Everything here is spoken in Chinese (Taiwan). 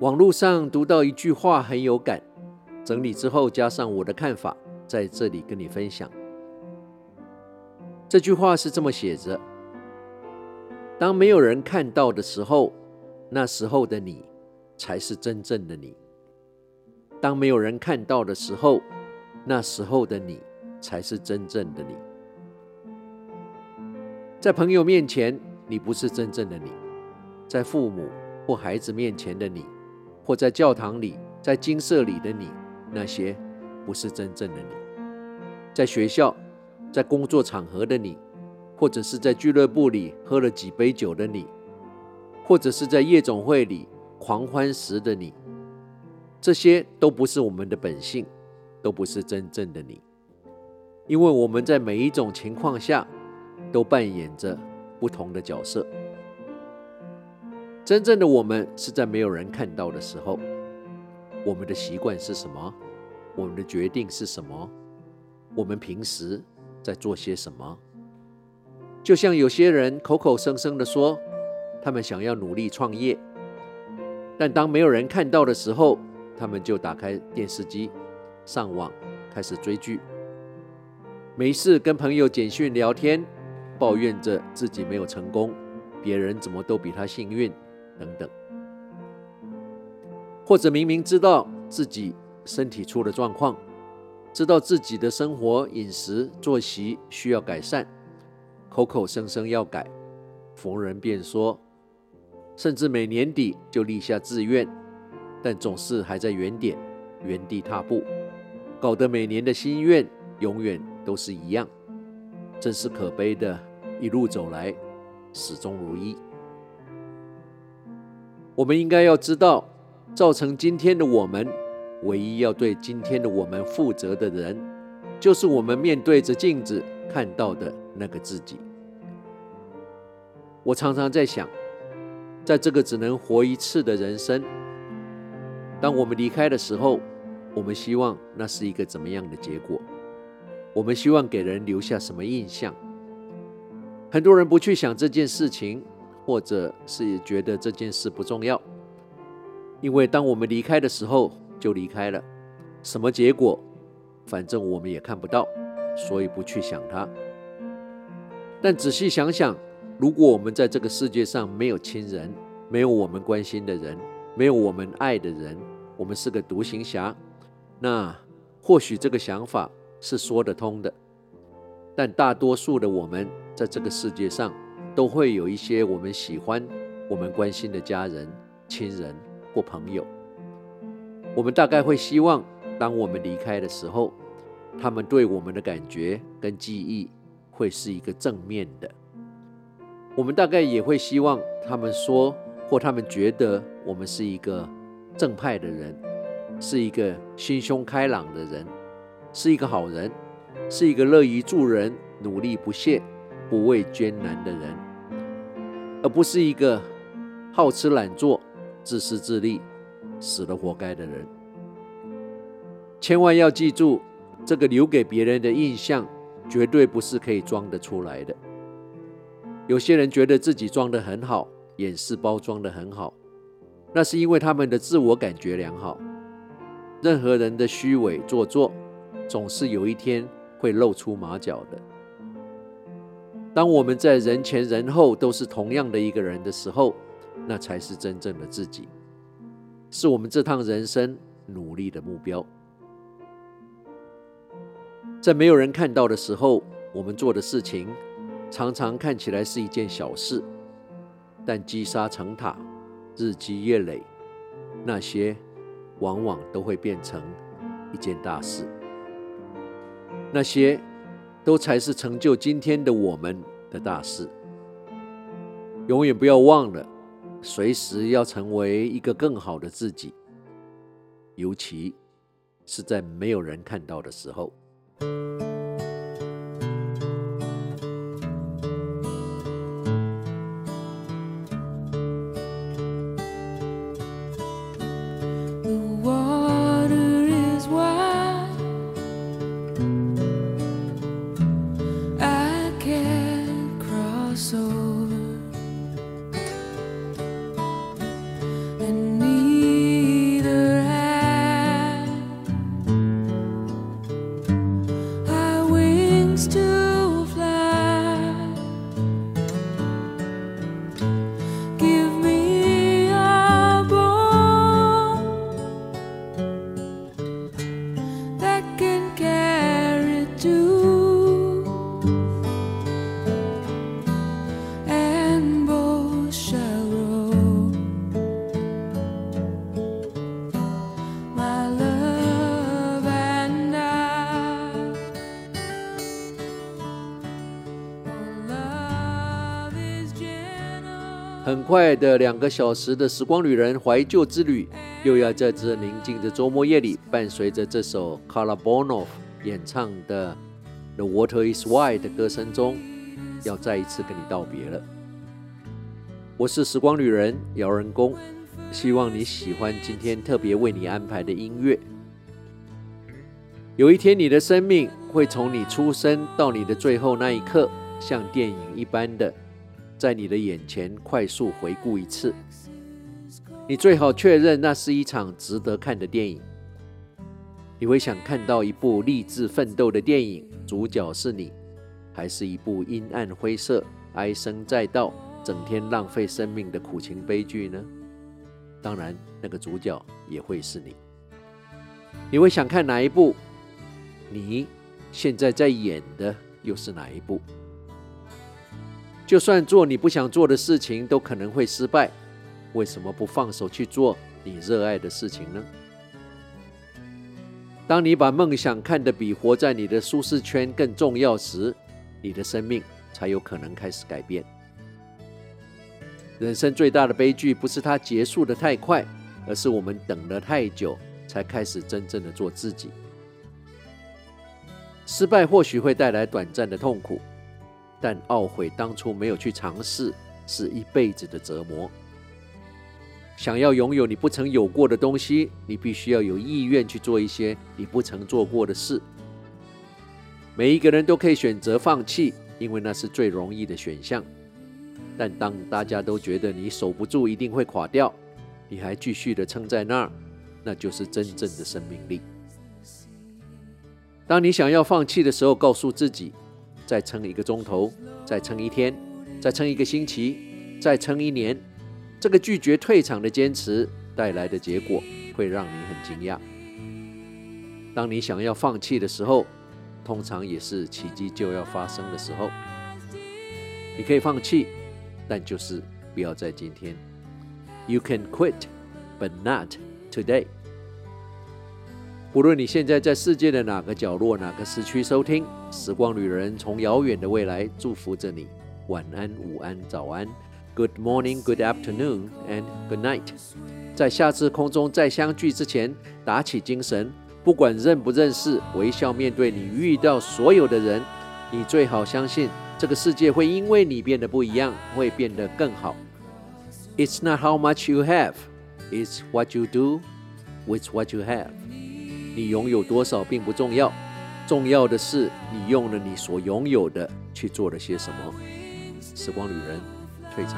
網絡上讀到一句話很有感，整理之後加上我的看法，在這裡跟你分享。這句話是這麼寫着：當沒有人看到的時候，那時候的你才是真正的你；當沒有人看到的時候，那時候的你才是真正的你。在朋友面前，你不是真正的你；在父母或孩子面前的你。或在教堂裡、在金色裡的你，那些不是真正的你；在學校、在工作場合的你，或者是在俱樂部裡喝了幾杯酒的你，或者是在夜總會裡狂歡時的你，這些都不是我們的本性，都不是真正的你，因為我們在每一種情況下都扮演着不同的角色。真正的我們是在沒有人看到的時候，我們的習慣是什麼？我們的決定是什麼？我們平時在做些什麼？就像有些人口口聲聲的說他們想要努力創業，但當沒有人看到的時候，他們就打開電視機、上網開始追劇，沒事跟朋友簡訊聊天，抱怨着自己沒有成功，別人怎麼都比他幸運。等等，或者明明知道自己身體出了狀況，知道自己的生活飲食作息需要改善，口口聲聲要改，逢人便說，甚至每年底就立下志願，但總是還在原點，原地踏步，搞得每年的心願永遠都是一樣，真是可悲的，一路走來，始終如一。我們應該要知道，造成今天的我們，唯一要對今天的我們負責的人，就是我們面對着鏡子看到的那個自己。我常常在想，在這個只能活一次的人生，當我們離開的時候，我們希望那是一個怎麼樣的結果？我們希望給人留下什麼印象？很多人不去想這件事情。或者是也覺得這件事不重要，因為當我們離開的時候就離開了，什麼結果，反正我們也看不到，所以不去想它。但仔細想想，如果我們在這個世界上沒有親人，沒有我們關心的人，沒有我們愛的人，我們是個獨行俠，那或許這個想法是說得通的。但大多數的我們在這個世界上，都會有一些我們喜歡、我們關心的家人、親人或朋友。我們大概會希望，當我們離開的時候，他們對我們的感覺跟記憶會是一個正面的。我們大概也會希望，他們說或他們覺得我們是一個正派的人，是一個心胸開朗的人，是一個好人，是一個樂於助人、努力不懈、不畏艱難的人。我不是一個好吃懶做、自私自利、死了活該的人。千萬要記住，這個留給別人的印象，絕對不是可以裝得出來的。有些人覺得自己裝得很好，掩飾包裝得很好，那是因為他們的自我感覺良好。任何人的虛偽做作，總是有一天會露出馬腳的。當我們在人前人後都是同樣的一個人的時候，那才是真正的自己，是我們這趟人生努力的目標。在沒有人看到的時候，我們做的事情常常看起來是一件小事，但積沙成塔，日積月累，那些往往都會變成一件大事。那些。都才是成就今天的我們的大事。永遠不要忘了，隨時要成為一個更好的自己，尤其是在沒有人看到的時候。很快的兩個小時的時光旅人懷舊之旅，又要在這寧靜的周末夜裡，伴隨着這首卡拉邦諾芙演唱的《The Water Is Wide》的歌聲中，要再一次跟你道別了。我是時光旅人姚人公，希望你喜歡今天特別為你安排的音樂。有一天，你的生命會從你出生到你的最後那一刻，像電影一般的。在你的眼前快速回顧一次，你最好確認那是一場值得看的電影。你會想看到一部勵志奮鬥的電影，主角是你，還是一部陰暗灰色、哀聲載道、整天浪費生命的苦情悲劇呢？當然，那個主角也會是你。你會想看哪一部？你現在在演的又是哪一部？就算做你不想做的事情，都可能會失敗。為什麼不放手去做你熱愛的事情呢？當你把夢想看得比活在你的舒適圈更重要時，你的生命才有可能開始改變。人生最大的悲劇，不是它結束得太快，而是我們等得太久，才開始真正的做自己。失敗或許會帶來短暫的痛苦。但懊悔當初沒有去嘗試，是一輩子的折磨。想要擁有你不曾有過的東西，你必須要有意願去做一些你不曾做過的事。每一個人都可以選擇放棄，因為那是最容易的選項。但當大家都覺得你守不住，一定會垮掉，你還繼續的撐在那兒，那就是真正的生命力。當你想要放棄的時候，告訴自己。再撐一個鐘頭，再撐一天，再撐一個星期，再撐一年，這個拒絕退場的堅持帶來的結果會讓你很驚訝。當你想要放棄的時候，通常也是奇蹟就要發生的時候。你可以放棄，但就是不要在今天。You can quit, but not today. 不論你現在在世界的哪個角落、哪個時區收聽《時光旅人》，從遙遠的未來祝福着你。晚安、午安、早安，Good morning, Good afternoon, and Good night。在下次空中再相聚之前，打起精神。不管認不認識，微笑面對你遇到所有的人。你最好相信，這個世界會因為你變得不一樣，會變得更好。It's not how much you have, it's what you do with what you have. 你擁有多少並不重要，重要的是你用了你所擁有的去做了些什麼。時光旅人，退場。